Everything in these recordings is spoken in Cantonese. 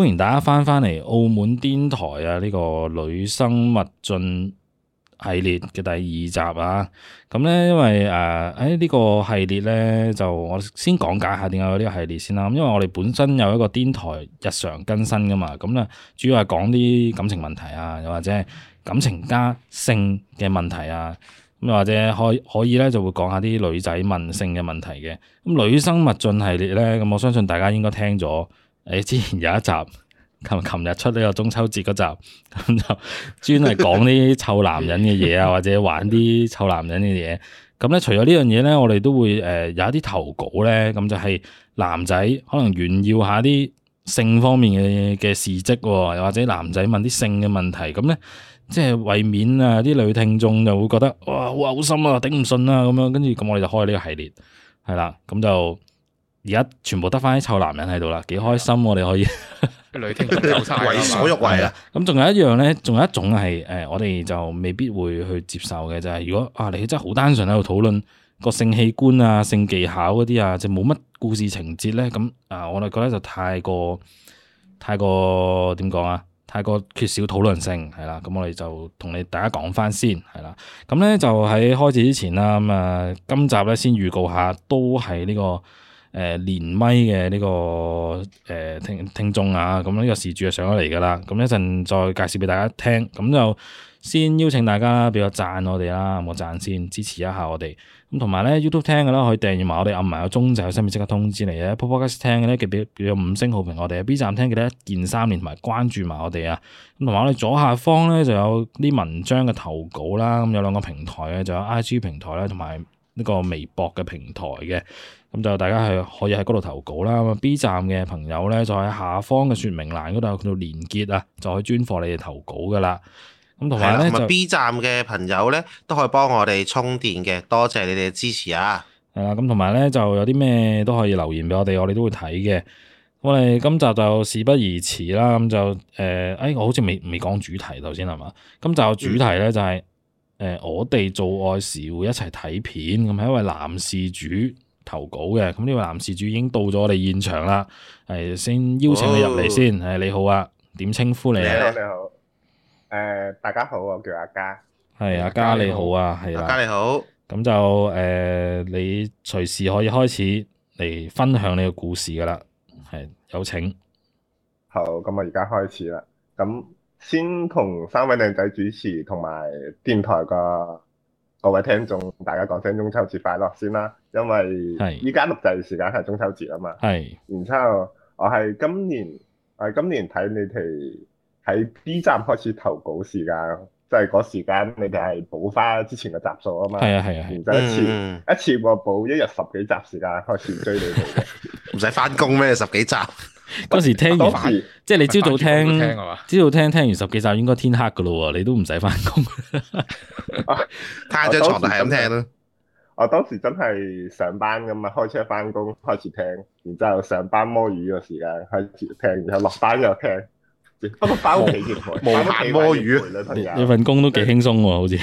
歡迎大家翻翻嚟《澳門癲台》啊！呢個女生勿進系列嘅第二集啊！咁、嗯、咧，因為誒，誒、呃、呢、這個系列咧，就我先講解一下點解有呢個系列先啦。因為我哋本身有一個癲台日常更新噶嘛，咁、嗯、咧主要係講啲感情問題啊，又或者感情加性嘅問題啊，咁又或者可以可以咧就會講下啲女仔問性嘅問題嘅。咁、嗯、女生勿進系列咧，咁、嗯、我相信大家應該聽咗。誒，之前有一集，琴琴日出呢個中秋節嗰集，咁就專係講啲臭男人嘅嘢啊， 或者玩啲臭男人嘅嘢。咁咧，除咗呢樣嘢咧，我哋都會誒有一啲投稿咧，咁就係男仔可能炫耀下啲性方面嘅嘅事跡，又或者男仔問啲性嘅問題。咁咧，即係為免啊啲女聽眾就會覺得哇，哇好嘔心啊，頂唔順啊，咁樣跟住咁我哋就開呢個系列，係啦，咁就。而家全部得翻啲臭男人喺度啦，幾開心我、啊、哋、嗯、可以，女聽差 為所欲為啦。咁仲有一樣咧，仲有一種係誒，我哋就未必會去接受嘅就係、是，如果啊你真係好單純喺度討論個性器官啊、性技巧嗰啲啊，就冇乜故事情節咧，咁啊我哋覺得就太過太過點講啊，太過缺少討論性係啦。咁我哋就同你大家講翻先係啦。咁咧就喺開始之前啦，咁啊今集咧先預告下，都係呢、這個。誒連麥嘅呢個誒聽聽眾啊，咁、這、呢個事主就上咗嚟噶啦，咁一陣再介紹俾大家聽，咁就先邀請大家俾個贊我哋啦，冇贊先支持一下我哋，咁同埋咧 YouTube 聽嘅啦，可以訂閱埋我哋按埋個鐘仔，喺身邊即刻通知你嘅 Podcast 聽嘅咧記有五星好評我哋，B 站聽記得一鍵三連同埋關注埋我哋啊，咁同埋我哋左下方咧就有啲文章嘅投稿啦，咁有兩個平台嘅，就有 IG 平台咧同埋呢個微博嘅平台嘅。咁就大家係可以喺嗰度投稿啦。B 站嘅朋友咧，就喺下方嘅說明欄嗰度叫做連結啊，就可以專訪你哋投稿噶啦。咁同埋咧，B 站嘅朋友咧都可以幫我哋充電嘅，多謝，謝你哋嘅支持啊。係啦，咁同埋咧就有啲咩都可以留言俾我哋，我哋都會睇嘅。我哋今集就事不宜遲啦，咁就誒，哎、欸，我好似未未講主題頭先係嘛？咁就主題咧就係、是嗯呃、我哋做愛時會一齊睇片咁，係一位男事主。投稿嘅，咁呢位男事主已經到咗我哋現場啦，係先邀請你入嚟先，誒，你好啊，點稱呼你咧？你好，誒好、 呃、大家好，我叫阿嘉，係阿嘉你好啊，係阿嘉家你好，咁就誒、呃、你隨時可以開始嚟分享你嘅故事噶啦，係有請，好，咁啊而家開始啦，咁先同三位靚仔主持同埋電台個。各位聽眾，大家講聲中秋節快樂先啦，因為依家錄製時間係中秋節啊嘛。係是，然之後我係今年，我係今年睇你哋喺 B 站開始投稿時間，即係嗰時間你哋係補翻之前嘅集數啊嘛。係啊係啊，啊啊然之後一次、嗯、一次我補一日十幾集時間開始追你哋，唔使翻工咩，十幾集。嗰時聽完，即係你朝早聽，朝早聽聽完十幾集應該天黑噶啦，你都唔使翻工。太正床就係咁聽啦。我當時真係上班咁啊，開車翻工開始聽，然之後上班摸魚嘅時間開始聽，然後落班又聽。不過翻屋企電台無限摸魚，你份工都幾輕鬆喎，好似。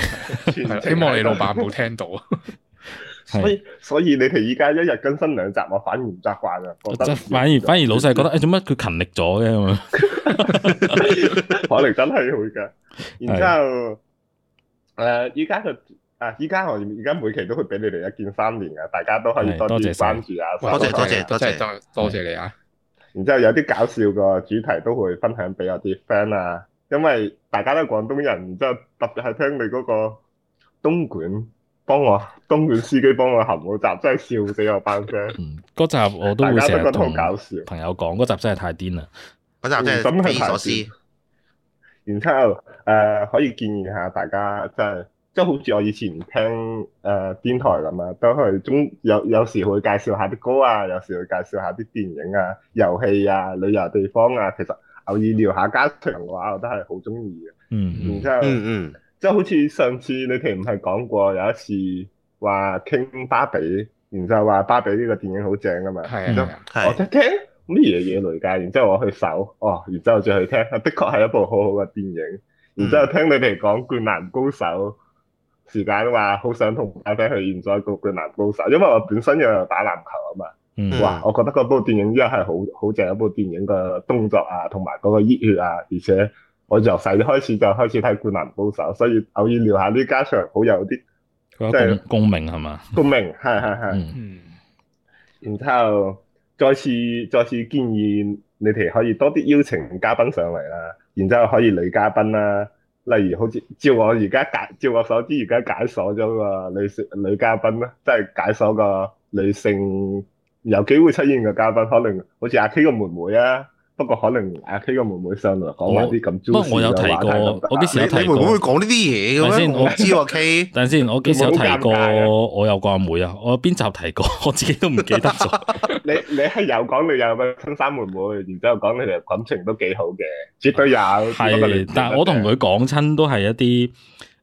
希望你老闆冇聽到。所以所以你哋依家一日更新兩集，我反而唔習慣啊！反而反而老細覺得誒，做乜佢勤力咗嘅？可能 真係會噶。然之後誒，依家佢啊，依家我而家每期都會俾你哋一鍵三連噶，大家都可以多啲關注啊！多謝你多謝你多謝多謝你啊！然之後有啲搞笑個主題都會分享俾我啲 friend 啊，因為大家都廣東人，即係特別係聽你嗰個東莞幫我東莞司機幫我含好集真係笑死我班 friend。嗯，嗰集我都會覺得好搞笑。朋友講，嗰集真係太癲啦！嗰集咁係匪夷所思。然後誒、呃，可以建議下大家，即係即係好似我以前聽誒、呃、電台咁啊，都係中有有時會介紹下啲歌啊，有時會介紹下啲電影啊、遊戲啊、旅遊、啊、地方啊。其實偶爾聊下家庭嘅話，我都係好中意嘅。嗯，然之後嗯嗯。后即係好似上次你哋唔係講過有一次話傾芭比，然之後話芭比呢個電影好正啊嘛，係咯，我一聽乜嘢嘢嚟㗎？然之後我去搜，哦，然之後再去聽，的確係一部好好嘅電影。然之後聽你哋講《灌籃、嗯、高手》，時間話好想同 I F 去現在個《灌籃高手》，因為我本身又有打籃球啊嘛，嗯、哇，我覺得嗰部電影真係好好正一部電影嘅動作啊，同埋嗰個熱血啊，而且～我由細開始就開始睇《灌籃高手》，所以偶爾聊下啲家常，好有啲即係共鳴係嘛？共鳴係係係，功名是嗯。然之後再次再次建議你哋可以多啲邀請嘉賓上嚟啦，然之後可以女嘉賓啦，例如好似照我而家解，照我所知而家解鎖咗個女性女嘉賓啦，即係解鎖個女性有機會出現嘅嘉賓，可能好似阿 K 個妹妹啊。不過可能阿 K 個妹妹上嚟講埋啲咁專屬嘅話題咯。不過我有提過，我幾時有提過？你妹妹講呢啲嘢嘅咩？我唔知喎，K。等陣先，我幾時有提過？我有個阿妹啊，我邊集提過？我自己都唔記得咗。你你係有講你有個親生妹妹，然之後講你哋感情都幾好嘅，絕對有。係，但係我同佢講親都係一啲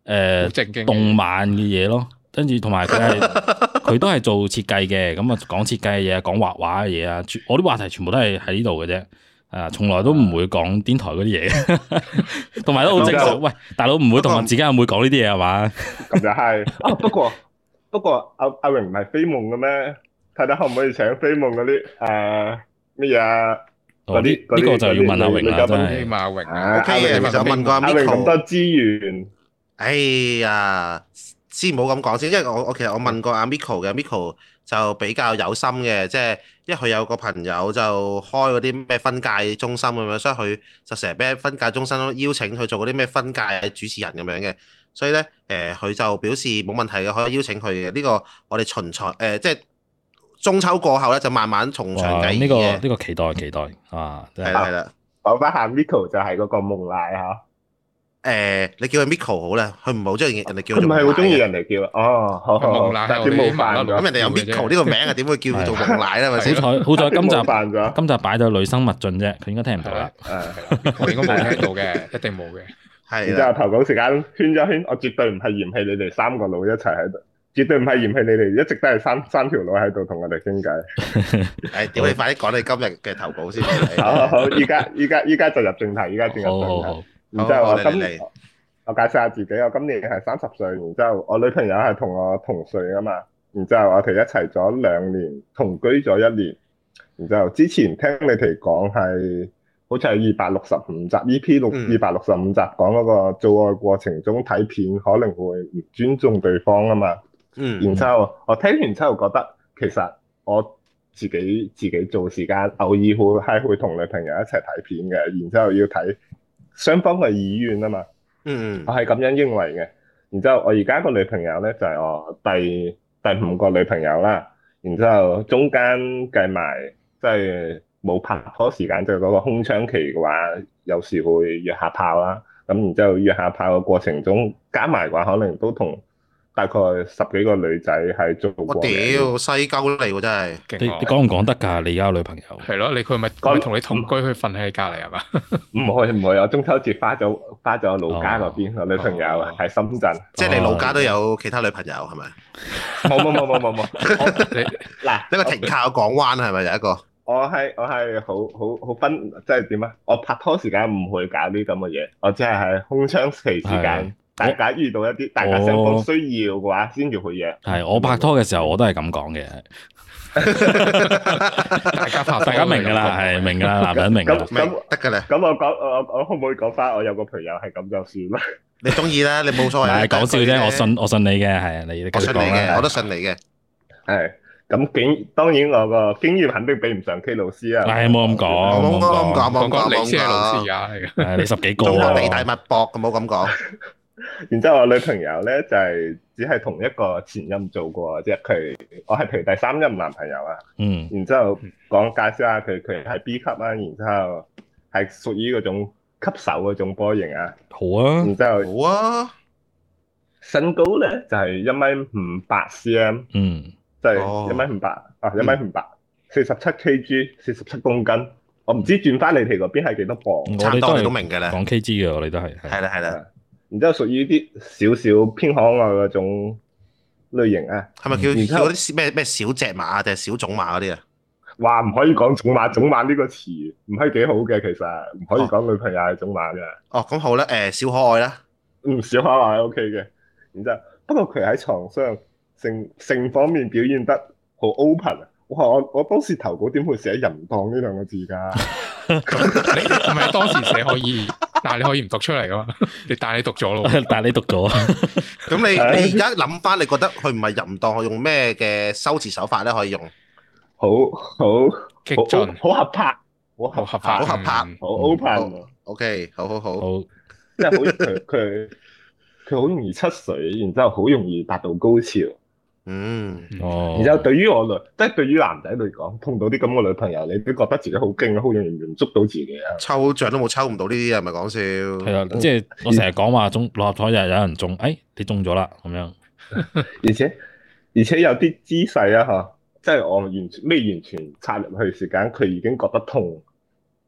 誒，正經動漫嘅嘢咯。跟住同埋佢係，佢都係做設計嘅，咁啊講設計嘅嘢，講畫畫嘅嘢啊，我啲話題全部都係喺呢度嘅啫。誒，從來都唔會講癲台嗰啲嘢，同埋都好正常。喂，大佬唔會同我自己阿妹講呢啲嘢係嘛？咁就係。不過，不過阿阿榮唔係飛夢嘅咩？睇睇可唔可以請飛夢嗰啲誒咩嘢？嗰啲呢個就要問阿榮啦，真係。馬榮，O K 嘅。其實問過阿 Michael，得資源。哎呀，先唔好咁講先，因為我我其實我問過阿 Michael 嘅，Michael 就比較有心嘅，即係。因為佢有個朋友就開嗰啲咩分界中心咁樣，所以佢就成日俾分界中心邀請去做嗰啲咩分界主持人咁樣嘅，所以咧誒佢就表示冇問題嘅，可以邀請佢嘅呢個我哋巡賽誒，即、呃、係、就是、中秋過後咧就慢慢從長計議呢、這個呢、這個期待期待啊，係啦，講翻、啊、下 r i k o 就係嗰個蒙娜。誒，你叫佢 Miko 好啦，佢唔好中意人哋叫。佢唔係好中意人哋叫啊。哦，好，蒙奶好嘅。咁人哋有 Miko 呢個名啊，點會叫佢做蒙奶咧？好彩，好彩，今集扮咗，今集擺咗女生勿進啫，佢應該聽唔到啦。係，係。我應該冇聽到嘅，一定冇嘅。係。然之後投稿時間圈咗圈，我絕對唔係嫌棄你哋三個佬一齊喺度，絕對唔係嫌棄你哋一直都係三三條佬喺度同我哋傾偈。誒，屌你快啲講你今日嘅投稿先。好好，依家依家依家就入正題，依家轉入正題。然之後，我今年我介紹下自己，我今年係三十歲。然之後，我女朋友係同我同歲啊嘛。然之後，我哋一齊咗兩年，同居咗一年。然之後，之前聽你哋講係，好似係二百六十五集 E.P. 六二百六十五集講嗰個做愛過程中睇片、mm. 可能會唔尊重對方啊嘛。嗯。然之後，我聽完之後覺得，其實我自己自己做時間，偶爾會係會同女朋友一齊睇片嘅。然之後要睇。雙方嘅意願啊嘛，嗯，我係咁樣認為嘅。嗯、然之後我而家個女朋友咧就係、是、我第第五個女朋友啦。然之後中間計埋即係冇拍拖時間，就係、是、嗰個空窗期嘅話，有時會約下炮啦。咁然之後約下炮嘅過程中，加埋嘅話可能都同。大概十幾個女仔係做過。我屌，西溝嚟喎真係。你你講唔講得噶？你而家女朋友？係咯，你佢咪同你同居，去瞓喺你隔籬係嘛？唔會唔會，我中秋節花咗花咗老家嗰邊，我女朋友喺深圳。即係你老家都有其他女朋友係咪？冇冇冇冇冇冇。嗱，一個停靠港灣係咪？有一個。我係我係好好好分，即係點啊？我拍拖時間唔會搞啲咁嘅嘢，我只係喺空窗期時間。大家遇到一啲大家雙方需要嘅話，先至去約。係我拍拖嘅時候，我都係咁講嘅。大家發大家明噶啦，係明噶啦，男人明噶。咁得噶啦，咁我講我我可唔可以講翻？我有個朋友係咁就算啦。你中意啦，你冇所謂。講笑啫，我信我信你嘅，係你。我信你嘅，我都信你嘅。係咁，竟當然我個經驗肯定比唔上 K 老師啦。係冇咁講，冇咁講，冇講老師啊，係你十幾個啊，地大物博，冇咁講。然之後我女朋友咧，就係、是、只係同一個前任做過啫，佢我係譬如第三任男朋友啊。嗯。然之後，講介紹下佢，佢係 B 級啦。然之後係屬於嗰種吸手嗰種波型啊。好啊。然之後好啊。身高咧就係一米五八 cm。嗯。就係一米五八啊，一米五八，四十七 kg，四十七公斤。我唔知轉翻你哋嗰邊係幾多磅？我都是你都明噶啦。講 kg 嘅，我哋都係。係啦，係啦。然之後屬於啲少少偏可愛嗰種類型啊，係咪叫？然之後啲咩咩小隻馬定係小種馬嗰啲啊？哇，唔可以講種馬，種馬呢個詞唔係幾好嘅，其實唔可以講女朋友係種馬嘅、哦。哦，咁好啦，誒、呃，小可愛啦。嗯，小可愛 OK 嘅。然之後不過佢喺床上性，性方面表現得好 open。我話我我當時投稿點會寫淫蕩呢兩個字㗎？咁你係咪當時寫可以？ 但係你可以唔讀出嚟㗎嘛？你但係你讀咗咯，但係你讀咗。咁你你而家諗翻，你覺得佢唔係淫蕩，我用咩嘅修辭手法咧可以用？好好激，好合拍，好合合拍，好合拍，好 open、嗯。OK，好好好好。即係好，佢佢好容易出水，然之後好容易達到高潮。嗯，哦，然之後對於我嚟，即係對於男仔嚟講，碰到啲咁嘅女朋友，你都覺得自己好驚啊，好容易唔捉到自己啊，抽獎都冇抽唔到呢啲，嗯，啊，係咪講笑？係啦而，即係我成日講話中六合彩又有人中，誒，哎，你中咗啦咁樣而。而且而且有啲姿勢啊，吓，即係我完全未完全插入去時間，佢已經覺得痛，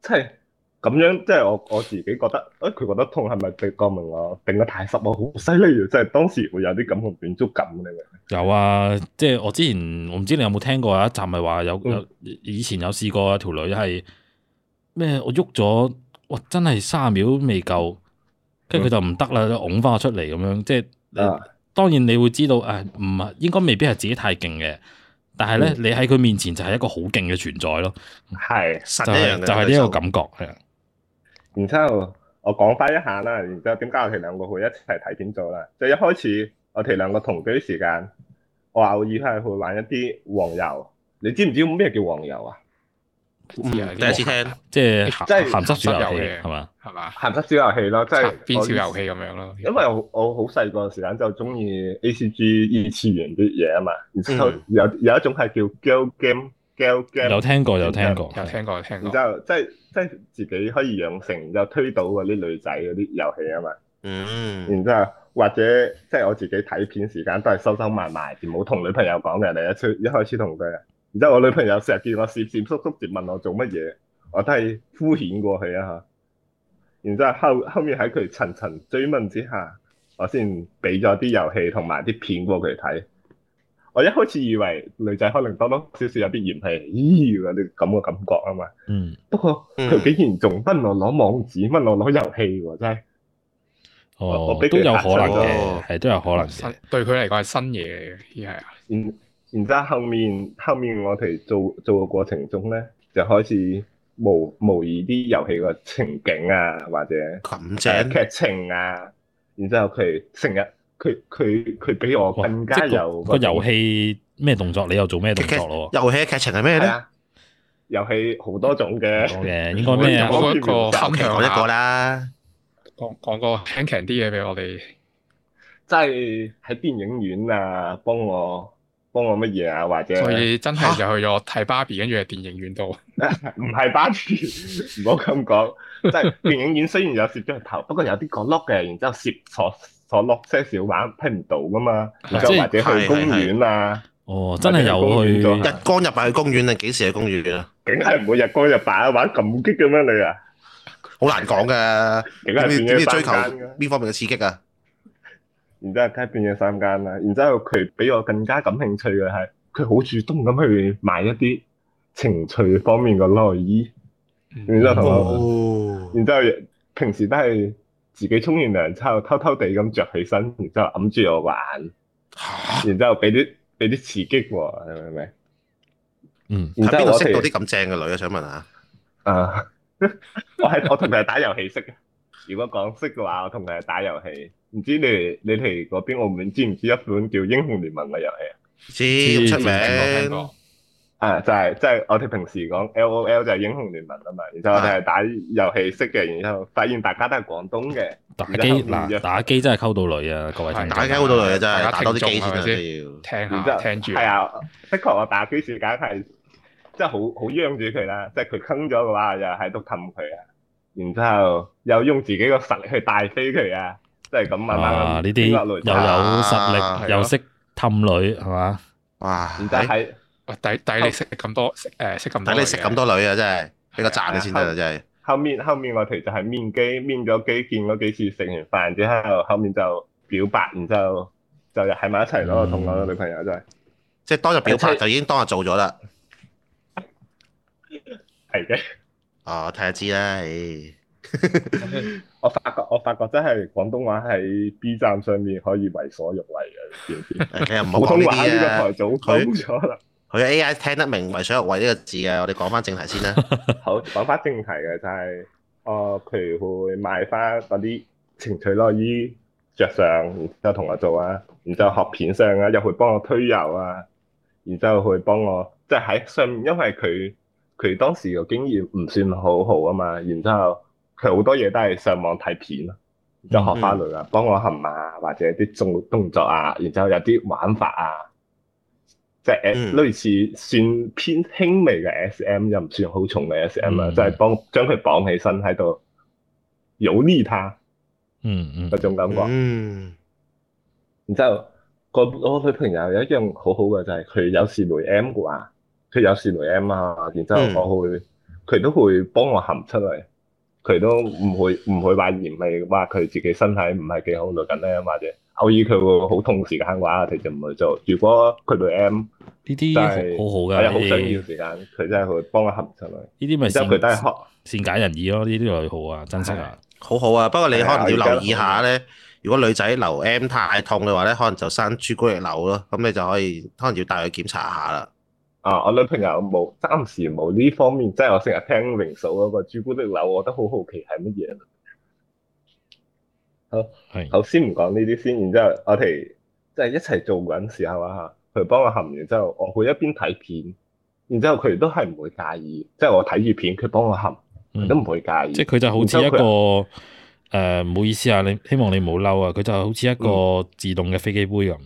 即係。咁樣即係我我自己覺得，誒、欸、佢覺得痛係咪被過敏啊？定得太濕啊，好犀利，即係當時會有啲咁嘅滿足感嘅。有啊，即係我之前，我唔知你有冇聽過啊，一集，咪話有、嗯、以前有試過條女係咩？我喐咗，哇！真係三十秒未夠，跟住佢就唔得啦，就拱翻我出嚟咁樣。即係、啊、當然你會知道，誒唔係應該未必係自己太勁嘅，但係咧、嗯、你喺佢面前就係一個好勁嘅存在咯。係就係呢個感覺係。定然之後，我講翻一下啦。然之後點解我哋兩個會一齊睇點做啦？即係一開始我哋兩個同居時間，我偶爾係去玩一啲黃油。你知唔知咩叫黃油啊？第一次聽。即係鹹鹹濕小遊戲係嘛？係嘛？鹹濕小遊戲咯，即係邊小遊戲咁樣咯。因為我我好細個時間就中意 A C G 二次元啲嘢啊嘛。然之後有有一種係叫 Girl Game。有聽過有聽過對 有聽過有聽過然就，然之後即係即係自己可以養成，然之後推倒嗰啲女仔嗰啲遊戲啊嘛。嗯然後，然之後或者即係我自己睇片時間都係收收埋埋，唔好同女朋友講嘅。嚟，一初一開始同佢，然之後我女朋友成日見我閃閃縮縮，接問我做乜嘢，我都係敷衍過去啊吓。然之後後後面喺佢層層追問之下，我先俾咗啲遊戲同埋啲片過佢睇。我一開始以為女仔可能多多少少有啲嫌棄，咦嗰啲咁嘅感覺啊嘛。嗯，不過佢竟然仲問我攞網址，問我攞遊戲喎，真係。哦我都，都有可能嘅，係都有可能對佢嚟講係新嘢嘅，依然然之後後面後面我哋做做嘅過程中咧，就開始模模擬啲遊戲嘅情景啊，或者誒劇情啊，然之後佢成日。佢佢佢比我更加有、嗰個遊戲咩動作，你又做咩動作咯？遊戲嘅劇情係咩咧？遊戲好多種嘅，講嘅。應該咩嘢？講一,一個分享一下，講講個輕強啲嘢俾我哋。即係喺電影院啊？幫我幫我乜嘢啊？或者所以真係就去咗睇芭比，跟住喺電影院度。唔係芭比，唔好咁講，即係電影院雖然有攝像頭， 不過有啲角落嘅，然之後攝錯。坐落車小玩聽唔到噶嘛，然之後或者去公園啊，哦，真係有去日光日白去公園啊，幾時、哦、去，去公園啊？梗係唔會日光日白、啊、玩咁激嘅咩、啊、你啊？好難講㗎，點解追求邊方面嘅刺激啊？然之後梗係變咗三間啦，然之後佢比我更加感興趣嘅係，佢好主動咁去買一啲情趣方面嘅內衣，嗯哦、然之後同我，然之後平時都係。自己沖完涼之後，偷偷地咁着起身，然之後揞住我眼，啊、然之後俾啲俾啲刺激喎，你明唔明？嗯，喺邊度識到啲咁正嘅女啊？想問下。啊， 我係我同佢打遊戲識嘅。 如果講識嘅話，我同佢打遊戲。唔知你你哋嗰邊澳門知唔知一款叫《英雄聯盟的遊戲》嘅遊戲啊？知，出名。誒，就係即係我哋平時講 L O L 就係英雄聯盟啊嘛，然之後就係打遊戲識嘅，然之後發現大家都係廣東嘅，打機打機真係溝到女啊，各位，打機溝到女啊，真係，打多啲技術先，聽下聽住，係啊，的確我打機時間係真係好好央住佢啦，即係佢坑咗嘅話又喺度氹佢啊，然之後又用自己個實力去帶飛佢啊，即係咁慢慢呢啲又有實力又識氹女係嘛，哇，唔得係。抵你食咁多食咁，你食咁多女啊，真係畀個讚你先得啊，真係。後面後面話題就係面機面咗機，見幾次，食完飯之後，後面就表白，然之後就喺埋一齊囉，同我女朋友真係，即係當日表白就已經當日做咗啦。係嘅。啊，睇下知啦，我發覺我發覺真係廣東話喺 B 站上面可以為所欲為嘅，其實普通話呢個台早崩咗啦。佢 A.I. 聽得明，為想學為呢個字啊！我哋講翻正題先啦。好，講翻正題嘅就係、是，我、哦、佢會買翻嗰啲情趣內衣着上，然之後同我做啊，然之後學片上啊，又會幫我推油啊，然之後去幫我，即係喺上面，因為佢佢當時嘅經驗唔算好好啊嘛，然之後佢好多嘢都係上網睇片，然之後學翻嚟啦，幫、嗯、我含啊，或者啲做動作啊，然之後有啲玩法啊。即係類似算偏輕微嘅 S.M. 又唔、嗯、算好重嘅 S.M. 啊、嗯，就係幫將佢綁起身喺度，有呢他，嗯嗯嗰種感覺。嗯。然之後，個我女朋友有一樣很好好嘅就係、是、佢有時攰 M 嘅話，佢有時攰 M 啊，然之後我會佢、嗯、都會幫我含出嚟，佢都唔會唔會話嫌棄話佢自己身體唔係幾好，最近咧或者。偶爾佢會好痛時間嘅話，佢就唔去做。如果佢對 M 呢啲，就是，好好嘅，係好需要時間，佢些真係會幫佢含出嚟。呢啲咪善解人意咯，呢啲女好啊，珍惜啊，好好啊。不過你可能的要留意下咧，如果女仔留 M 太痛嘅話咧，可能就生朱古力瘤咯。咁你就可以可能要帶佢檢查下啦。啊，我女朋友冇，暫時冇呢方面。即係我成日聽明嫂、嗰個朱古力瘤，我都好好奇係乜嘢。好，係，頭先唔講呢啲先，然之後我哋即係一齊做緊事係嘛吓，佢幫我含完之後，我去一邊睇片，然之後佢都係唔會介意，即係我睇住片，佢幫我含，都唔會介意。即係佢就好似一個誒，唔好意思啊，你希望你唔好嬲啊，佢就好似一個自動嘅飛機杯咁。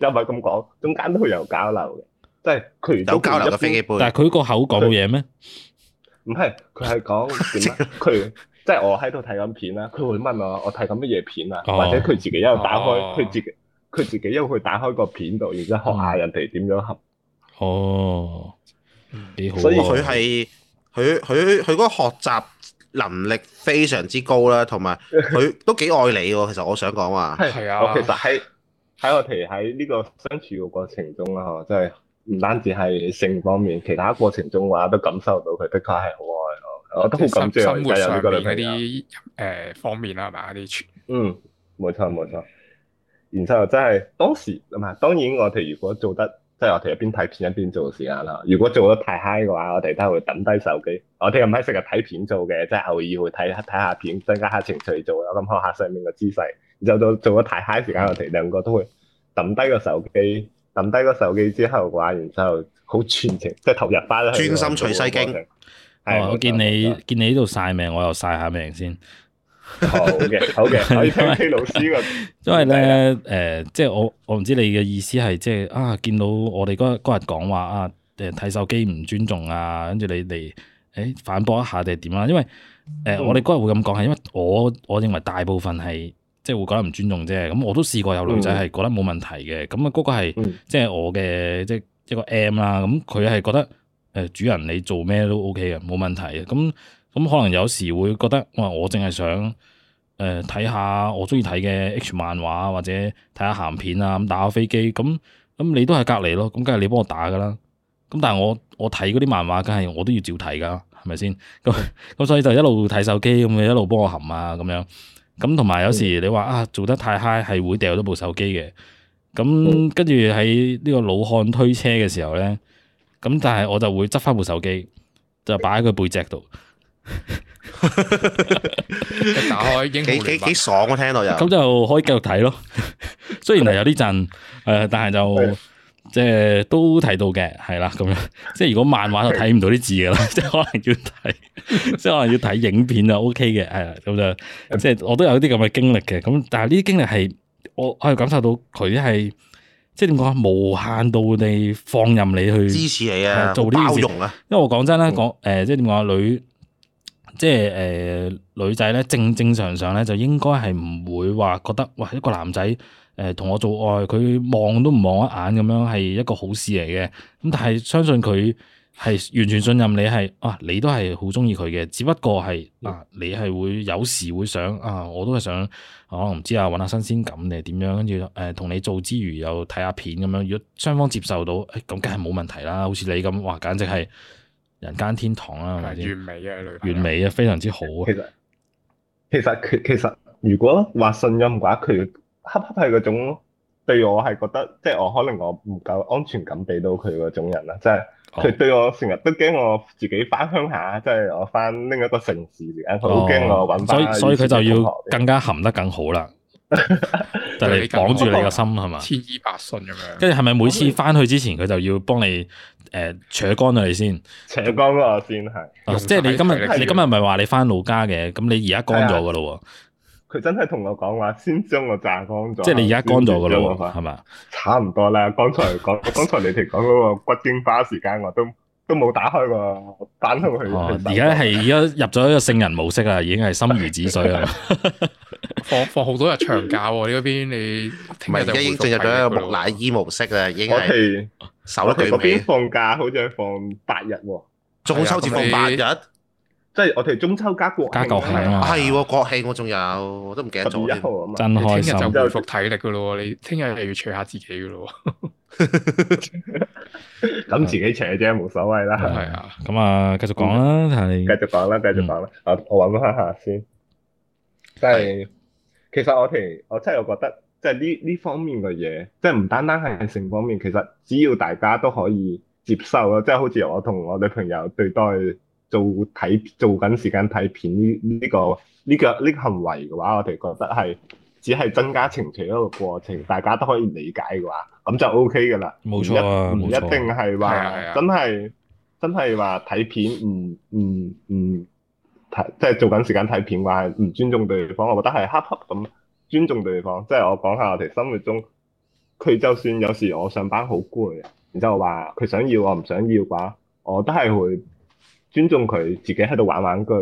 又唔係咁講，中間都有交流嘅，即係佢有交流嘅飛機杯。但係佢個口講嘢咩？唔係，佢係講點？佢即係我喺度睇緊片啦，佢會問我我睇緊乜嘢片啊？哦、或者佢自己一路打開，佢、哦、自己佢自己一去打開個片度，然之後學下人哋點樣合。哦，幾好。所以佢係佢佢佢嗰個學習能力非常之高啦，同埋佢都幾愛你喎。其實我想講話，係啊 的，的我其實喺喺我哋喺呢個相處嘅過程中啊，真係。唔單止係性方面，其他過程中的話都感受到佢的確係好愛我，我都好感謝有呢啲誒，的方面啦，係嘛啲？嗯，冇錯冇錯。然之後即係當時啊嘛，當然我哋如果做得即係我哋一邊睇片一邊做時間啦。如果做得太 high 嘅話，我哋都會抌低手機。我哋又唔係成日睇片做嘅，即係偶爾會睇睇下片，增加下情緒做啦，咁學下上面嘅姿勢。然之後到做得太 high 時間，我哋兩個都會抌低個手機。抌低個手機之後，玩完之後好全情，即係投入翻啦，專心除細經。我覺得你 見你見你呢度晒命，我又晒下命先。 好嘅，好嘅，聽聽老師因為咧，誒、 即係呃呃，即係我我唔知你嘅意思係即係啊，見到我哋嗰日講話啊，誒睇手機唔尊重啊，跟住你哋誒、哎、反駁一下定係點啊？因為誒，呃嗯、我哋嗰日會咁講係因為我我認為大部分係。即係會覺得唔尊重啫，咁我都試過有女仔係覺得冇問題嘅，咁啊嗰個係即係我嘅即係一個 M 啦，咁佢係覺得誒、呃、主人你做咩都 OK 嘅，冇問題嘅，咁咁可能有時會覺得哇，我淨係想誒睇、呃、下我中意睇嘅 H 漫畫或者睇下鹹片啊，咁打下飛機，咁咁你都係隔離咯，咁梗係你幫我打噶啦，咁但係我我睇嗰啲漫畫，梗係我都要照睇噶，係咪先？咁 咁所以就一路睇手機咁，你一路幫我含啊咁樣。咁同埋有時你話啊做得太嗨 i g 係會掉咗部手機嘅，咁跟住喺呢個老漢推車嘅時候咧，咁但係我就會執翻部手機就擺喺佢背脊度，打開已經幾幾幾爽我、啊、聽到有，咁就可以繼續睇咯。雖然係有啲震誒，但係就。 即係都睇到嘅，係啦咁樣。即係如果漫畫就睇唔到啲字嘅啦，是的 即係可能要睇，即係 可能要睇影片就 OK 嘅，係啦咁就，即係我都有啲咁嘅經歷嘅。咁但係呢啲經歷係我我係感受到佢係即係點講啊，無限度地放任你去支持你啊，做呢啲事包容啊。因為我講真啦，講誒、呃，即係點講啊，女即係誒、呃、女仔咧，正正常常咧就應該係唔會話覺得哇一個男仔。誒，同我做愛，佢望都唔望一眼咁樣，係一個好事嚟嘅。咁但係相信佢係完全信任你，係啊，你都係好中意佢嘅。只不過係嗱、啊，你係會有時會想啊，我都係想，可能唔知啊，揾下新鮮感定係點樣，跟住誒，同、啊、你做之餘又睇下片咁樣。如果雙方接受到，誒、哎，咁梗係冇問題啦。好似你咁，哇，簡直係人間天堂啦，係咪完美啊？完美啊，非常之好。其實其實其其實如果話信任嘅話，佢。黑黑係嗰種，對我係覺得，即係我可能我唔夠安全感俾到佢嗰種人啦，即係佢對我成日都驚我自己翻鄉下，即係我翻另一個城市而家好驚我搵翻，所以所以佢就要更加含得更好啦， 就是你綁住你個心係嘛，千依百順咁樣。跟住係咪每次翻去之前佢就要幫你誒扯乾咗你先？嗯、扯乾我先係，即係你今日的你今日咪話你翻老家嘅，咁你而家乾咗噶咯。佢真係同我講話，先將我炸乾咗。即係你而家乾咗㗎啦，係嘛了？吧差唔多啦。剛才講，剛才你哋講嗰個骨精花時間，我都都冇打開過，打開佢。而家係而家入咗一個聖人模式啦，已經係心如止水啦。 放放好多日長假喎， 邊嗯、你嗰邊你唔係已經進入咗一個木乃伊模式啦，已經係守得舉尾。我哋嗰邊放假好似係放八日喎，啊、中秋節放八日。 嗯即係我哋中秋加國慶啊！係喎國慶我仲有，我都唔記得咗真開心！聽日就恢復體力噶咯喎，你聽日又要除下自己噶咯喎。咁自己扯啫，冇所謂啦。係啊，咁啊，繼續講啦，係。繼續講啦，繼續講啦。我我揾翻下先。即係其實我哋，我真係覺得，即係呢呢方面嘅嘢，即係唔單單係性方面，其實只要大家都可以接受咯，即係好似我同我女朋友對待。做睇做緊時間睇片呢、這、呢個呢、這個呢、這個行為嘅話，我哋覺得係只係增加情緒一個過程，大家都可以理解嘅話，咁就 O K 嘅啦。冇錯唔、啊一、啊、一定係話真係、啊、真係話睇片唔唔唔睇，即係、就是、做緊時間睇片話唔尊重對方。我覺得係恰恰咁尊重對方。即、就、係、是、我講下我哋生活中，佢就算有時我上班好攰，然之後話佢想要我唔想要嘅話，我都係會。尊重佢自己喺度玩玩具，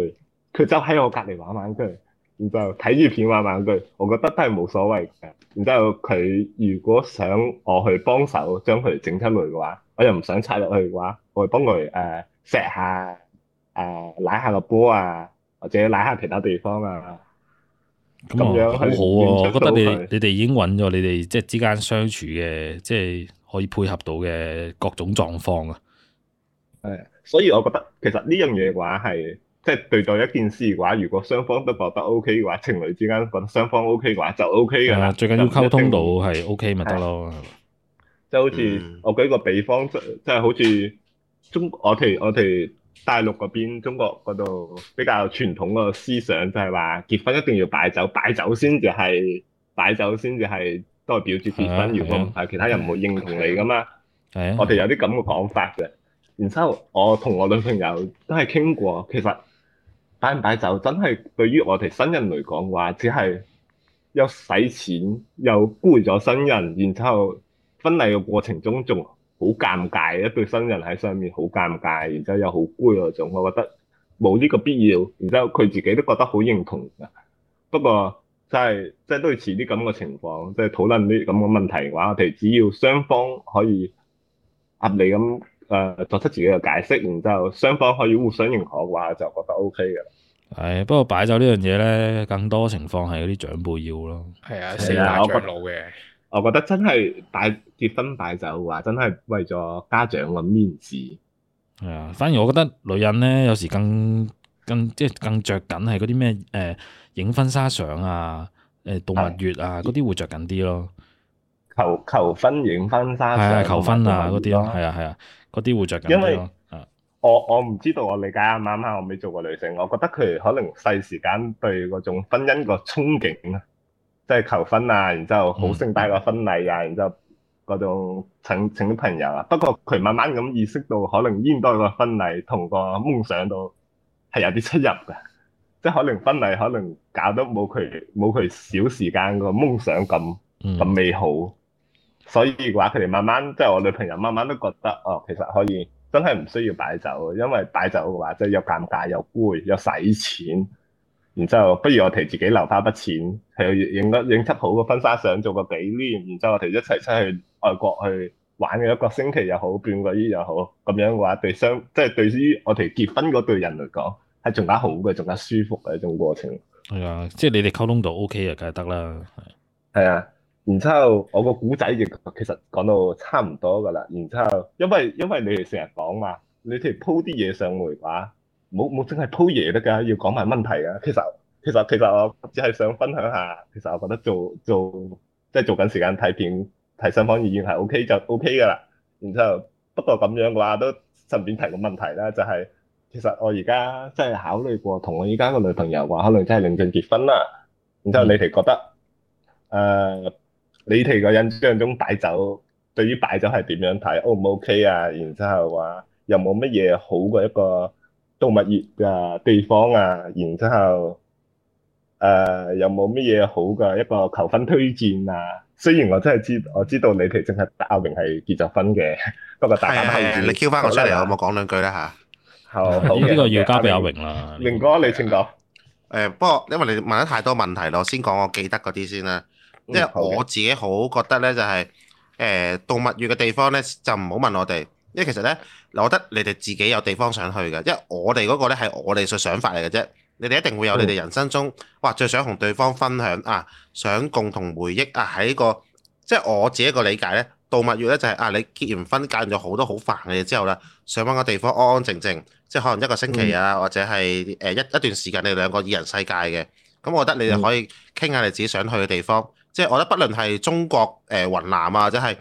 佢就喺我隔籬玩玩具，然之後睇住片玩玩具，我覺得都係冇所謂嘅。然之後佢如果想我去幫手將佢整出嚟嘅話，我又唔想拆落去嘅話，我會幫佢誒錫下誒瀨、呃、下個波啊，或者瀨下其他地方啊。咁、嗯、樣好、嗯哦、好啊！我覺得你他你哋已經搵咗，你哋即係之間相處嘅，即係可以配合到嘅各種狀況啊。係、哎。所以，我覺得其實呢樣嘢嘅話係，即係對待一件事嘅話，如果雙方都覺得 O K 嘅話，情侶之間覺得雙方 O K 嘅話就 O K 噶啦。最緊要溝通到係 O K 咪得咯。即係的的好似我舉個比方，即係、嗯、好似中我哋我哋大陸嗰邊中國嗰度比較傳統嘅思想，就係話結婚一定要擺酒，擺酒先至係擺酒先至係代表住結婚，的如果唔係，的其他人唔會認同你噶嘛。係啊，係啊，我哋有啲咁嘅講法嘅。然之後我同我女朋友都係傾過，其實擺唔擺酒真係對於我哋新人嚟講嘅話，只係又使錢又攰咗新人，然之後婚禮嘅過程中仲好尷尬，一對新人喺上面好尷尬，然之後又好攰嗰種，我覺得冇呢個必要。然之後佢自己都覺得好認同嘅，不過真係真都係似啲咁嘅情況，即係討論啲咁嘅問題嘅話，我哋只要雙方可以合理咁。誒作出自己嘅解釋，然之後雙方可以互相認可嘅話，就覺得 OK 嘅。係，不過擺酒呢樣嘢咧，更多情況係嗰啲長輩要咯。係啊，四大長老嘅、啊。我覺得真係擺結婚擺酒話，真係為咗家長嘅面子。係啊，反而我覺得女人咧，有時更更即係更著緊係嗰啲咩誒影婚紗相啊、誒度蜜月啊嗰啲、啊、會着緊啲咯。求求婚影婚紗相係啊，求婚啊嗰啲咯，係啊，係啊。嗰啲會著緊咯，我我唔知道，我理解啱唔啱？剛剛我未做過女性，我覺得佢可能細時間對嗰種婚姻個憧憬，即係求婚啊，然之後好盛大個婚禮啊，嗯、然之後嗰種請請朋友啊。不過佢慢慢咁意識到，可能現代個婚禮同個夢想都係有啲出入嘅，即係可能婚禮可能搞得冇佢冇佢小時間個夢想咁咁、嗯、美好。所以嘅話，佢哋慢慢即係、就是、我女朋友，慢慢都覺得哦，其實可以真係唔需要擺酒，因為擺酒嘅話即係又尷尬又攰又使錢，然之後就不如我哋自己留返一筆錢，係影得影出好嘅婚紗相，做個紀念，然之後我哋一齊出去外國去玩嘅一個星期又好，半個月又好，咁樣嘅話對相，即、就、係、是、對於我哋結婚嗰對人嚟講係仲加好嘅，仲加舒服嘅一種過程。係啊，即係你哋溝通到 OK 啊，梗係得啦，係係啊。然之後，我個古仔就其實講到差唔多㗎啦。然之後，因為因為你哋成日講嘛，你哋鋪啲嘢上回話話，冇冇淨係鋪嘢得㗎，要講埋問題㗎。其實其實其實我只係想分享一下，其實我覺得做做即係做緊時間睇片睇雙方意願係 O K 就 O K 㗎啦。然之後不過咁樣嘅話，都順便提個問題啦，就係、是、其實我而家即係考慮過同我依家個女朋友話，可能真係領證結婚啦。然之後你哋覺得誒？嗯呃你哋個印象中擺酒，對於擺酒係點樣睇？O 唔 OK 啊？然之後話又冇乜嘢好嘅一個動物業嘅地方啊？然之後誒又冇乜嘢好嘅一個求婚推薦啊？雖然我真係知我知道你哋淨係阿榮係結咗婚嘅，不過大家可以你 Q 翻我出嚟，我冇講兩句啦嚇。好，呢個要交俾阿榮啦。榮哥，你請講。誒，不過因為你問得太多問題咯，先講我記得嗰啲先啦。因為我自己好覺得咧，就係誒度蜜月嘅地方咧，就唔好問我哋，因為其實咧，我覺得你哋自己有地方想去嘅，因為我哋嗰個咧係我哋嘅想法嚟嘅啫。你哋一定會有你哋人生中，哇最想同對方分享啊，想共同回憶啊，喺個即係我自己個理解咧，度蜜月咧就係啊，你結完婚解咗好多好煩嘅嘢之後咧，想搵個地方安安靜靜，即係可能一個星期啊，或者係誒一一段時間，你哋兩個二人世界嘅。咁我覺得你哋可以傾下你自己想去嘅地方。即係我覺得，不論係中國誒、呃、雲南啊，或者係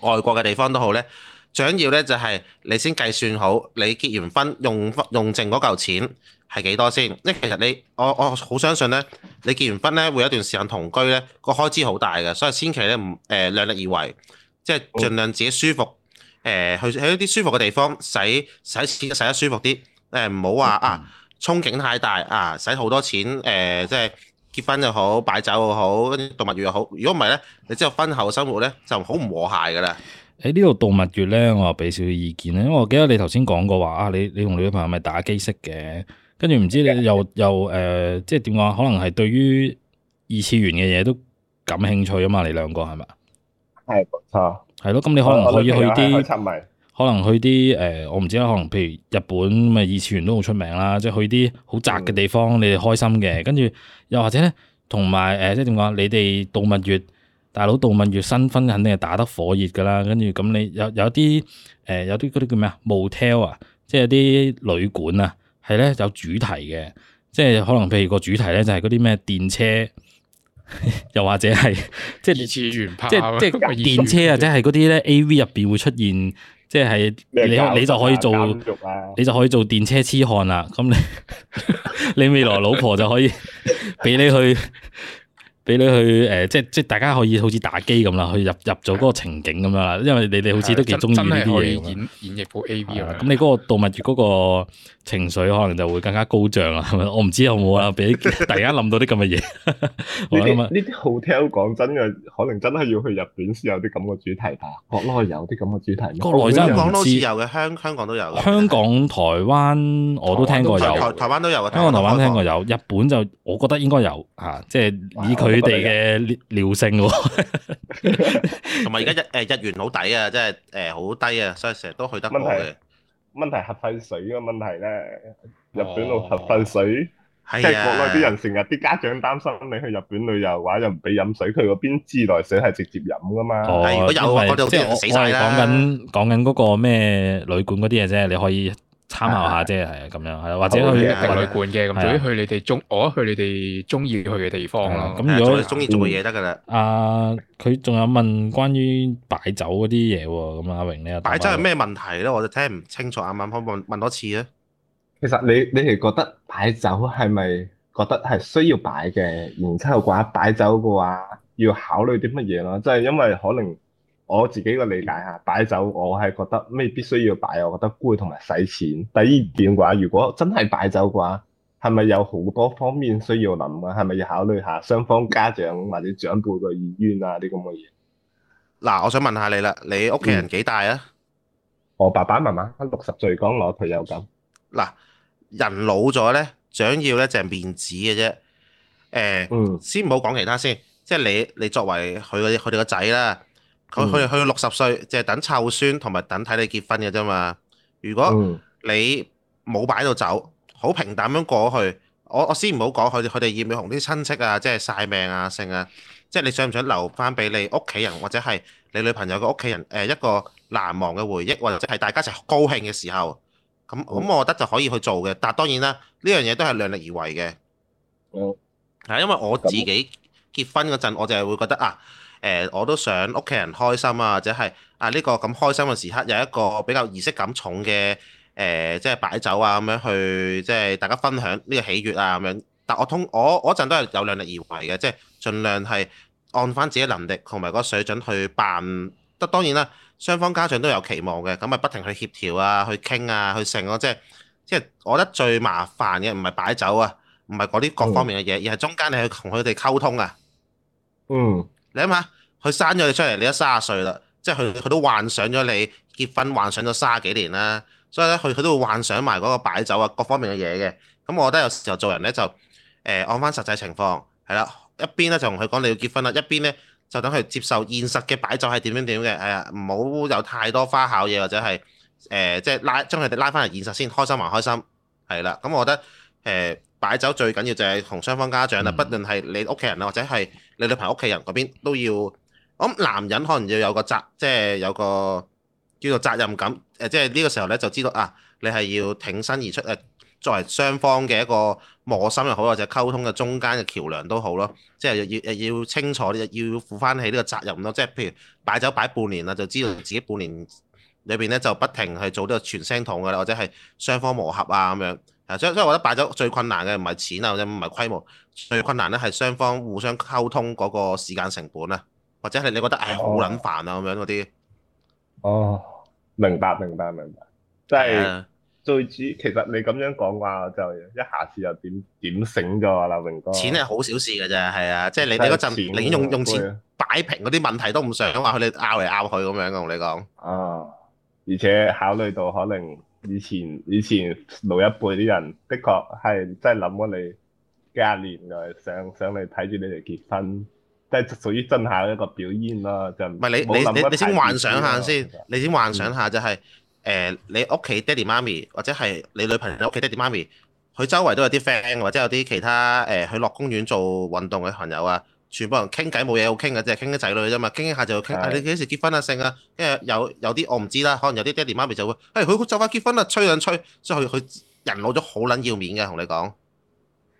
外國嘅地方都好咧，最緊要咧就係你先計算好，你結完婚用用剩嗰嚿錢係幾多先。即其實你我我好相信咧，你結完婚咧會有一段時間同居咧，個開支好大嘅，所以千祈咧唔誒量力而為，即係盡量自己舒服誒去喺一啲舒服嘅地方使使錢使得舒服啲誒，唔好話啊憧憬太大啊，使好多錢誒即係。呃就是結婚又好，擺酒又好，跟住度蜜月又好。如果唔係咧，你之後婚後生活咧就好唔和諧噶啦。喺、欸、呢度度蜜月咧，我又俾少少意見啦。因為我記得你頭先講過話啊，你你同女朋友咪打機識嘅，跟住唔知你又的又誒、呃，即係點講？可能係對於二次元嘅嘢都感興趣啊嘛。你兩個係咪？係冇錯。係咯，咁你可能可以去啲。可能去啲誒、呃，我唔知啦。可能譬如日本咪二次元都好出名啦，即係去啲好窄嘅地方，你哋開心嘅。跟住又或者咧，同埋誒，即係點講？你哋度蜜月，大佬度蜜月新婚肯定係打得火熱噶啦。跟住咁你有有啲誒，有啲嗰啲叫咩啊？motel 啊，即係啲旅館啊，係咧有主題嘅，即係可能譬如個主題咧就係嗰啲咩電車， 又或者係即係二次元，即係是即係電車啊，即係嗰啲咧 AV 入邊會出現。即係你、啊、你就可以做，啊、你就可以做電車痴漢啦。咁你 你未來老婆就可以俾 你去。俾你去即係即大家可以好似打機咁啦，去入入咗嗰個情景咁樣啦。因為你哋好似都幾中意呢啲嘢嘅。演演譯 A V 啊！咁你嗰個動物園嗰個情緒可能就會更加高漲啦。我唔知有冇啊，俾大家諗到啲咁嘅嘢。呢啲好 o t 講真嘅，可能真係要去日本先有啲咁嘅主題吧。國內有啲咁嘅主題咩？國內香港都有嘅，香香港都有。香港、台灣我都聽過有。台灣都有香港、台灣聽過有。日本就我覺得應該有即係以佢。佢哋嘅尿性喎，同埋而家日誒日元好抵啊，即係誒好低啊，所以成日都去得過嘅。問題係核廢水嘅問題咧，日本度核廢水，即係國內啲人成日啲家長擔心你去日本旅遊，話又唔俾飲水，佢嗰邊自來水係直接飲噶嘛。哦，如果有，我即係我講緊講緊嗰個咩旅館嗰啲嘢啫，你可以。參考下啫，係啊，咁樣或者去定賓館嘅，咁如果去你哋中，啊、我去你哋中意去嘅地方咁、啊、如果中意、啊、做嘅嘢得噶啦。啊，佢仲有問關於擺酒嗰啲嘢喎，咁阿榮你擺擺酒係咩問題咧？我就聽唔清楚，阿文可問問多次呢？其實你你哋覺得擺酒係咪覺得係需要擺嘅？然之後嘅話擺酒嘅話，要考慮啲乜嘢咯？即、就、係、是、因為可能。我自己個理解啊，擺酒我係覺得未必需要擺，我覺得攰同埋使錢。第二點嘅話，如果真係擺酒嘅話，係咪有好多方面需要諗啊？係咪要考慮下雙方家長或者長輩嘅意願啊？啲咁嘅嘢。嗱，我想問下你啦，你屋企人幾大啊，嗯？我爸爸媽媽六十歲剛攞退休金。嗱，人老咗咧，想要咧就係面子嘅啫。誒，呃，嗯，先唔好講其他先，即係你你作為佢佢哋個仔啦。佢佢去到六十歲，就係等湊孫，同埋等睇你結婚嘅啫嘛。如果你冇擺到走，好平淡咁過去，我我先唔好講佢佢哋要唔要同啲親戚啊，即係晒命啊，剩啊，即係你想唔想留翻俾你屋企人或者係你女朋友嘅屋企人誒一個難忘嘅回憶，或者係大家一齊高興嘅時候，咁咁，我覺得就可以去做嘅。但係當然啦，呢樣嘢都係量力而為嘅。哦、嗯，係因為我自己結婚嗰陣，我就係會覺得啊。誒，我都想屋企人開心啊，或者係啊，呢個咁開心嘅時刻有一個比較儀式感重嘅，誒，即係擺酒啊咁樣，去即係大家分享呢個喜悅啊咁樣。但係我通我我嗰陣都係有量力而為嘅，即係盡量係按返自己能力同埋嗰個水準去辦。得當然啦，雙方家長都有期望嘅，咁咪不停去協調啊、去傾啊、去成咯，即係即係我覺得最麻煩嘅唔係擺酒啊，唔係嗰啲各方面嘅嘢，而係中間你去同佢哋溝通啊。嗯。你諗下，佢生咗你出嚟，你都三十歲啦，即係佢佢都幻想咗你結婚，幻想咗三十幾年啦，所以咧，佢佢都會幻想埋嗰個擺酒啊，各方面嘅嘢嘅。咁我覺得有時候做人咧就誒、呃、按翻實際情況，係啦，一邊咧就同佢講你要結婚啦，一邊咧就等佢接受現實嘅擺酒係點樣點嘅，係、哎、啊，唔好有太多花巧嘢或者係誒即係拉將佢哋拉翻嚟現實先，開心還開心，係啦，咁我覺得誒。呃擺酒最緊要就係同雙方家長啦，嗯、不論係你屋企人啊，或者係你女朋友屋企人嗰邊都要。我諗男人可能要有個責，即係有個叫做責任感。誒，即係呢個時候咧，就知道啊，你係要挺身而出誒，作為雙方嘅一個磨心又好，或者溝通嘅中間嘅橋梁都好咯。即係要要清楚，要負翻起呢個責任咯。即係譬如擺酒擺半年啦，就知道自己半年裏邊咧就不停去做呢個傳聲筒噶啦，或者係雙方磨合啊咁樣。啊！所以我覺得擺酒最困難嘅唔係錢啊，或者唔係規模，最困難咧係雙方互相溝通嗰個時間成本啊，或者係你覺得係好撚煩啊咁樣嗰啲。哦，些哦，明白明白明白，即係的最主其實你咁樣講話，就一下子又點點醒咗啦，榮哥。錢係好小事㗎啫，係啊，即係你哋嗰陣寧願用用錢擺平嗰啲問題都唔想話佢哋拗嚟拗去咁樣同你講。啊、哦！而且考慮到可能。以前以前老一輩啲人，的確係真係諗咗你幾廿年嘅，上上嚟睇住你哋結婚，即係屬於真下一個表演咯。就唔係你想你你你先幻想下先，那個、你先幻想下就係、是、誒、嗯呃、你屋企爹哋媽咪，或者係你女朋友屋企爹哋媽咪，佢周圍都有啲 friend，或者有啲其他誒，去、呃、落公園做運動嘅朋友啊。全部人傾偈冇嘢好傾嘅啫，傾啲仔女啫嘛，傾傾下就要傾。誒是的、啊，你幾時結婚啊？成啊，因為有有啲我唔知啦，可能有啲爹哋媽咪就會，誒、哎，佢就快結婚啦、啊，吹兩吹，所以佢佢人老咗好撚要面嘅，同你講。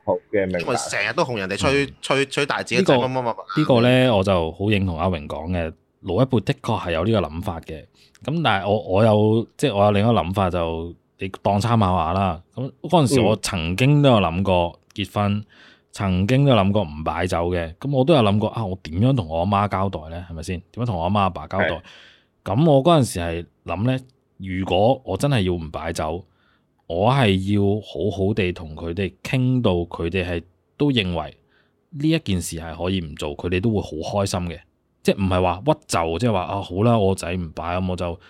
好嘅，明白。因為成日都同人哋吹、嗯、吹吹大自己子嘅，呢、這個、吹個呢我就好認同阿榮講嘅，老一輩的確係有呢個諗法嘅。咁但係我我有即係、就是、我有另一個諗法就，就你當參考下啦。咁嗰陣時我曾經都有諗過結婚。嗯結婚曾經都諗過唔擺酒嘅，咁我都有諗過啊！我點樣同我阿媽交代呢？係咪先？點樣同我阿媽阿爸交代？咁是我嗰陣時係諗呢，如果我真係要唔擺酒，我係要好好地同佢哋傾到佢哋係都認為呢一件事係可以唔做，佢哋都會好開心嘅，即係唔係話屈就，即係話啊好啦，我仔唔擺咁我就。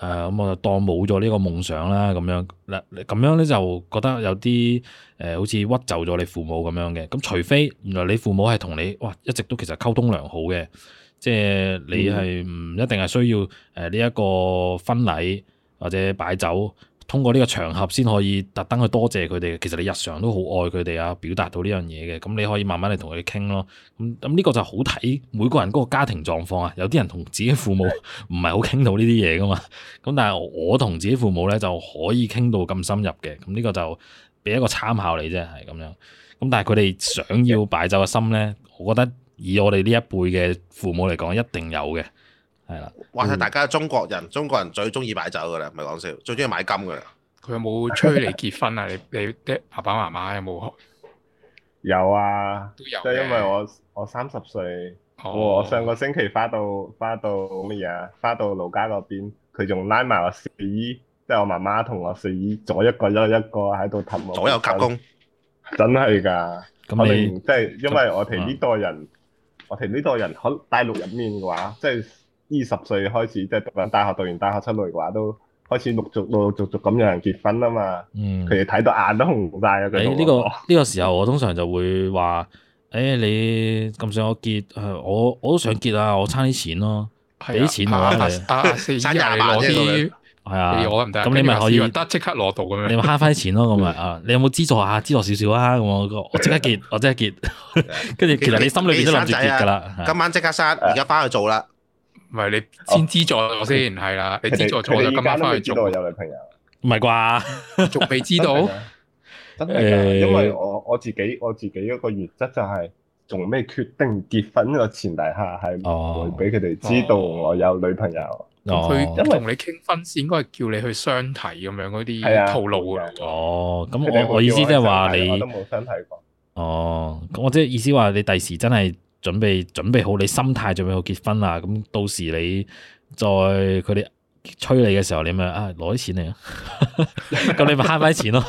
誒咁、啊、我就當冇咗呢個夢想啦，咁樣嗱，咁樣咧就覺得有啲、呃、好似屈就咗你父母咁樣嘅。咁除非原來你父母係同你，哇一直都其實溝通良好嘅，即係你係唔一定係需要呢一、呃個婚禮或者擺酒。通過呢個場合先可以特登去多謝佢哋，其實你日常都好愛佢哋啊，表達到呢樣嘢嘅，咁你可以慢慢嚟同佢哋傾咯。咁咁呢個就好睇每個人嗰個家庭狀況啊，有啲人同自己父母唔係好傾到呢啲嘢噶嘛。咁但係我同自己父母咧就可以傾到咁深入嘅。咁呢個就俾一個參考你啫，係咁樣。咁但係佢哋想要擺酒嘅心咧，我覺得以我哋呢一輩嘅父母嚟講，一定有嘅。係啦，話晒、嗯、大家中國人，中國人最中意擺酒噶啦，唔係講笑，最中意買金噶啦。佢有冇催你結婚啊？ 你你啲爸爸媽媽有冇？有啊，都有。即係因為我我三十歲，哦、我上個星期返到返到乜嘢啊？返到老家嗰邊，佢仲拉埋我四姨，即、就、係、是、我媽媽同我四姨，左一個右一個喺度氹我。左右夾攻。真係噶。你我哋，即、就、係、是、因為我哋呢代人，嗯、我哋呢代人，喺大陸入面嘅話，即係。二十歲開始即係讀緊大學，讀完大學出嚟嘅話，都開始陸續陸續續咁有人結婚吖嘛。嗯，佢哋睇到眼都紅晒啊。誒，呢個呢個時候我通常就會話：，誒，你咁想我結，我我都想結啊，我差啲錢咯，俾錢我咪啊，省廿萬啫，係啊，咁你咪可以得即刻攞到咁樣，你咪慳翻啲錢咯，咁咪啊，你有冇資助下？資助少少啊，咁我我即刻結，我即刻結，跟住其實你心裏邊都諗住結噶啦。今晚即刻生，而家翻去做啦。唔係你先資助我先，係啦、哦，你資助咗我就今晚翻去做。有女朋友？唔係啩？仲未知道？誒，因為我我自己我自己一個原則就係，仲未決定結婚個前提下係唔會俾佢哋知道我有女朋友。佢因為同你傾婚先，應該係叫你去相睇咁樣嗰啲套路嘅。哦，咁我我意思即係話你都冇相睇過。哦，我即係意思話你第時真係。準備準備好你心態準備好結婚啦，咁到時你再佢哋催你嘅時候，你咪啊攞啲錢嚟，咁你咪慳翻啲錢咯，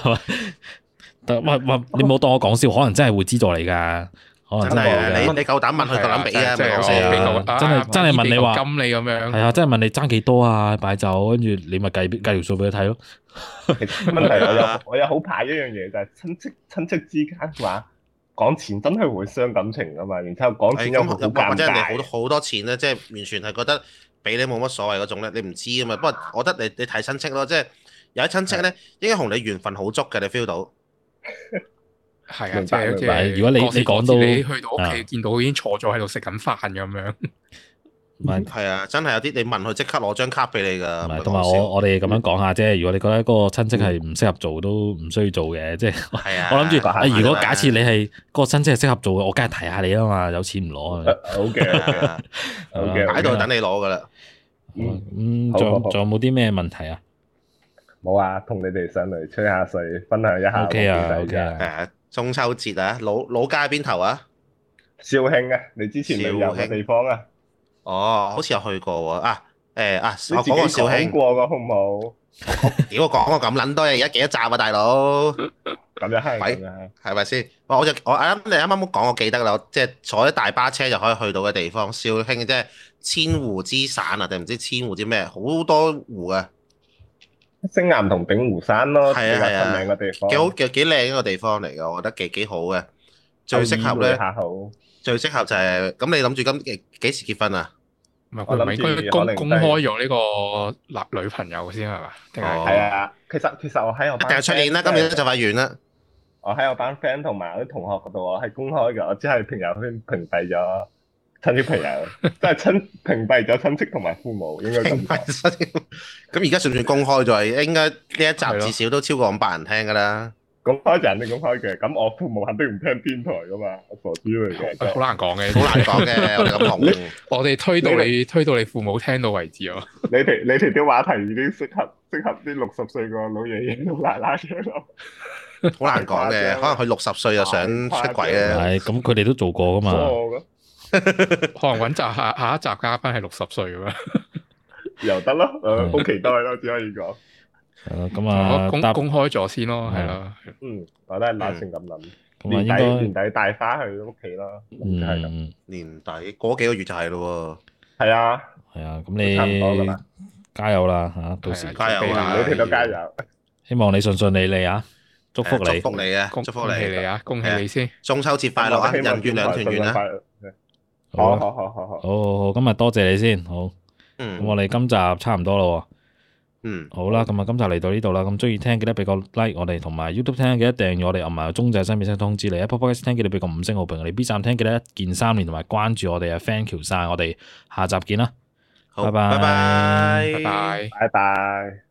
係咪？你唔好當我講笑，可能真係會資助你噶，可能真係。你你夠膽問佢夠膽俾啊，真係真係問你話，金你咁樣。係啊，真係問你爭幾多啊？擺酒，跟住你咪計計條數俾佢睇咯。問題係啊？我有好怕一樣嘢就係親戚親戚之間話。講錢真係會傷感情噶嘛，然之後講錢又好尷尬。哎、你好多好多錢咧，即係完全係覺得俾你冇乜所謂嗰種咧，你唔知噶嘛。不過我覺得你你睇親戚咯，即係有一親戚咧的應該同你緣分好足嘅，你 feel 到。係啊，如果你你講到你去到屋企見到佢已經坐咗喺度食緊飯咁樣。唔係，係啊，真係有啲你問佢即刻攞張卡俾你噶。同埋是我我哋咁樣講下啫。如果你覺得嗰個親戚係唔適合做，都唔需要做嘅。即係，啊、 我諗住著，說如果假設你係嗰、那個親戚係適合做嘅，我梗係提下你啦嘛。有錢唔攞、啊、，OK 啊，OK，喺度 okay, okay, 等你攞噶啦。嗯，仲仲有冇啲咩問題啊？冇啊，同你哋上嚟吹下水，分享一下、okay 啊。O、okay、K 啊，O K 啊。中秋節啊，老老家邊頭啊？肇慶啊，你之前旅遊嘅地方啊？哦，好似有去過喎啊，誒啊，我講過肇慶過嘅好唔好？屌我講過咁捻多嘢，而家幾多站啊，大佬？咁又係，係咪先？我就我啱啱你啱啱講我記得啦，即係坐啲大巴車就可以去到嘅地方，肇慶即係千湖之省啊，定唔知千湖之咩？好多湖嘅。星岩同鼎湖山咯，係啊係啊，幾好幾幾靚一個地方嚟嘅，我覺得幾幾好嘅。最適合咧，好，最適合就係咁。你諗住今幾幾時結婚啊？唔係，我諗應該公公開咗呢個男女朋友先係嘛？哦，係啊，其實其實我喺我，定係出現啦，今年就快完啦。我喺我班 friend 同埋啲同學嗰度，我係公開嘅，我只係朋友圈屏蔽咗親戚朋友，即係親屏蔽咗親戚同埋父母，應該屏蔽親。咁而家算唔算公開咗？應該呢一集至少都超過五百人聽㗎啦。咁誇張你咁開嘅，咁我父母肯定唔聽癲台噶嘛，我傻豬嚟嘅。好、啊、難講嘅，好難講嘅， 你我哋咁同，我哋推到你，你推到你父母聽到為止哦。你哋，你哋啲話題已經適合，適合啲六十歲個老爺爺老奶奶聽咯。好難講嘅，可能佢六十歲就想出軌，咁佢哋都做過噶嘛。 可能揾集下，下一集嘉賓係六十歲咁樣， 又得咯，好期待咯，只可以講。係咯，咁啊，公公開咗先咯，係咯，嗯，我都係打算咁諗，年底年底帶翻去屋企咯，嗯，係，年底過幾個月就係咯，係啊，係啊，咁你加油啦吓，到時加油，聽到加油，希望你順順利利啊，祝福你，祝福你嘅，恭喜你啊，恭喜你先，中秋節快樂啊，人月兩團圓啊，好好好好好好好，今日多謝你先，好，咁我哋今集差唔多啦。嗯，好啦，咁啊，今集嚟到呢度啦，咁中意聽記得俾個 like 我哋，同埋 YouTube 聽記得訂閱我哋，同埋鐘仔，新片先通知你。Apple Podcast 聽記得俾個五星好評，你 B 站聽記得一鍵三連同埋關注我哋啊 Thank you 晒，我哋下集見啦，拜拜拜拜拜拜。